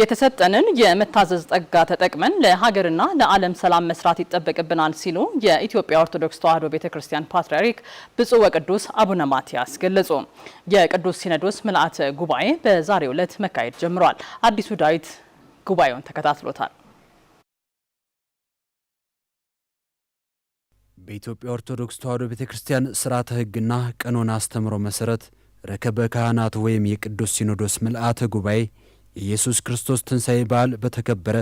የተሰጠንን የመታዘዝ ጸጋ ተጠቅመን ለሀገርና ለዓለም ሰላም መስራት ይጠበቅብናል ሲሉ የኢትዮጵያ ኦርቶዶክስ ተዋሕዶ ቤተ ክርስቲያን ፓትርያርክ ብፁዕ ወቅዱስ አቡነ ማትያስ ገለጹ። የቅዱስ ሲኖዶስ ምልአተ ጉባኤ በዛሬው ዕለት መካሄድ ጀምሯል። አዲሱ ዳዊት ጉባኤውን ተከታትሎታል። በኢትዮጵያ ኦርቶዶክስ ተዋሕዶ ቤተ ክርስቲያን ስርዓተ ሕግና ቀኖና አስተምሮ መሰረት ረከበ ካህናት ወይም የቅዱስ ሲኖዶስ ምልአተ ጉባኤ የኢየሱስ ክርስቶስ ትንሣኤ በዓል በተከበረ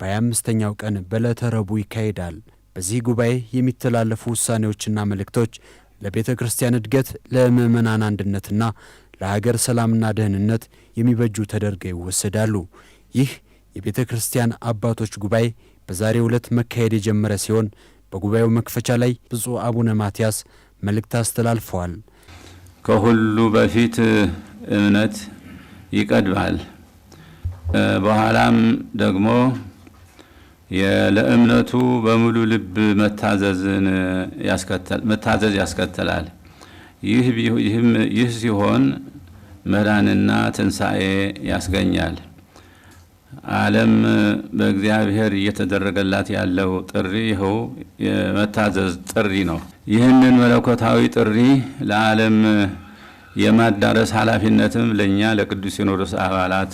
በ25ኛው ቀን በዕለተ ረቡዕ ይካሄዳል። በዚህ ጉባኤ የሚተላለፉ ውሳኔዎችና መልእክቶች ለቤተ ክርስቲያን እድገት፣ ለምዕመናን አንድነትና ለሀገር ሰላምና ደህንነት የሚበጁ ተደርገው ይወሰዳሉ። ይህ የቤተ ክርስቲያን አባቶች ጉባኤ በዛሬው ዕለት መካሄድ የጀመረ ሲሆን በጉባኤው መክፈቻ ላይ ብፁዕ አቡነ ማትያስ መልእክት አስተላልፈዋል። ከሁሉ በፊት እምነት ይቀድማል። በኋላም ደግሞ ለእምነቱ በሙሉ ልብ መታዘዝ ያስከትላል። ይህ ሲሆን መዳንና ትንሣኤ ያስገኛል። ዓለም በእግዚአብሔር እየተደረገላት ያለው ጥሪ ይኸው የመታዘዝ ጥሪ ነው። ይህንን መለኮታዊ ጥሪ ለዓለም የማዳረስ ኃላፊነትም ለእኛ ለቅዱስ ሲኖዶስ አባላት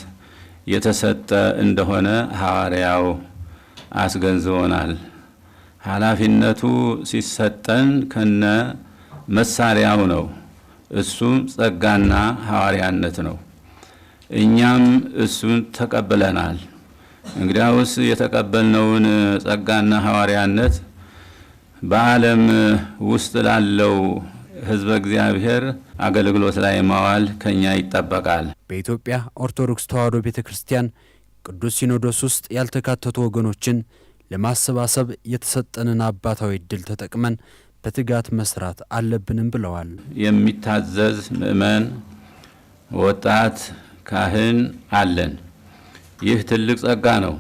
የተሰጠ እንደሆነ ሐዋርያው አስገንዝቦናል። ኃላፊነቱ ሲሰጠን ከነ መሳሪያው ነው። እሱም ጸጋና ሐዋርያነት ነው። እኛም እሱን ተቀብለናል። እንግዲያውስ የተቀበልነውን ጸጋና ሐዋርያነት በዓለም ውስጥ ላለው ሕዝበ እግዚአብሔር አገልግሎት ላይ ማዋል ከኛ ይጠበቃል። በኢትዮጵያ ኦርቶዶክስ ተዋሕዶ ቤተ ክርስቲያን ቅዱስ ሲኖዶስ ውስጥ ያልተካተቱ ወገኖችን ለማሰባሰብ የተሰጠንን አባታዊ እድል ተጠቅመን በትጋት መስራት አለብንም ብለዋል። የሚታዘዝ ምእመን፣ ወጣት ካህን አለን። ይህ ትልቅ ጸጋ ነው።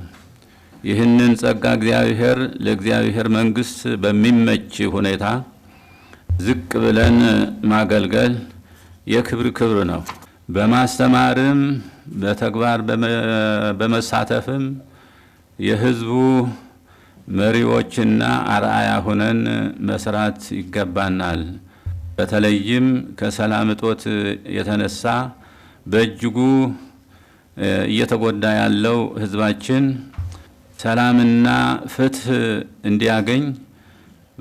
ይህንን ጸጋ እግዚአብሔር ለእግዚአብሔር መንግሥት በሚመች ሁኔታ ዝቅ ብለን ማገልገል የክብር ክብር ነው። በማስተማርም በተግባር በመሳተፍም የህዝቡ መሪዎችና አርአያ ሆነን መስራት ይገባናል። በተለይም ከሰላም እጦት የተነሳ በእጅጉ እየተጎዳ ያለው ህዝባችን ሰላምና ፍትህ እንዲያገኝ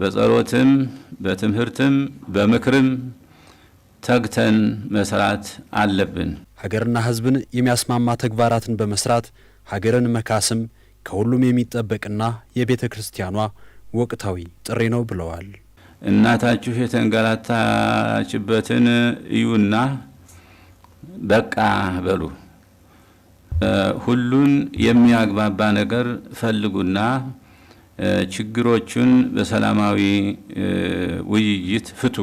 በጸሎትም በትምህርትም በምክርም ተግተን መስራት አለብን። ሀገርና ሕዝብን የሚያስማማ ተግባራትን በመስራት ሀገርን መካስም ከሁሉም የሚጠበቅና የቤተ ክርስቲያኗ ወቅታዊ ጥሪ ነው ብለዋል። እናታችሁ የተንገላታችበትን እዩና በቃ በሉ። ሁሉን የሚያግባባ ነገር ፈልጉና ችግሮቹን በሰላማዊ ውይይት ፍቱ።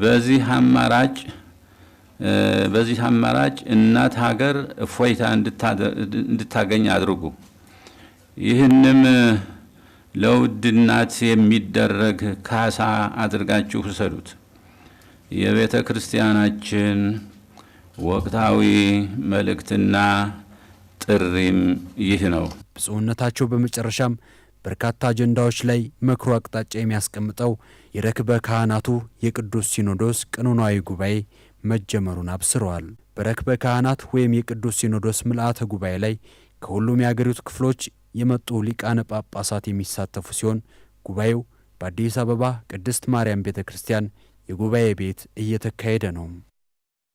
በዚህ አማራጭ በዚህ አማራጭ እናት ሀገር እፎይታ እንድታገኝ አድርጉ። ይህንም ለውድ እናት የሚደረግ ካሳ አድርጋችሁ ውሰዱት። የቤተ ክርስቲያናችን ወቅታዊ መልእክትና ጥሪም ይህ ነው። ብፁዕነታቸው በመጨረሻም በርካታ አጀንዳዎች ላይ መክሮ አቅጣጫ የሚያስቀምጠው የረክበ ካህናቱ የቅዱስ ሲኖዶስ ቀኖናዊ ጉባኤ መጀመሩን አብስረዋል። በረክበ ካህናት ወይም የቅዱስ ሲኖዶስ ምልአተ ጉባኤ ላይ ከሁሉም የአገሪቱ ክፍሎች የመጡ ሊቃነ ጳጳሳት የሚሳተፉ ሲሆን ጉባኤው በአዲስ አበባ ቅድስት ማርያም ቤተ ክርስቲያን የጉባኤ ቤት እየተካሄደ ነው።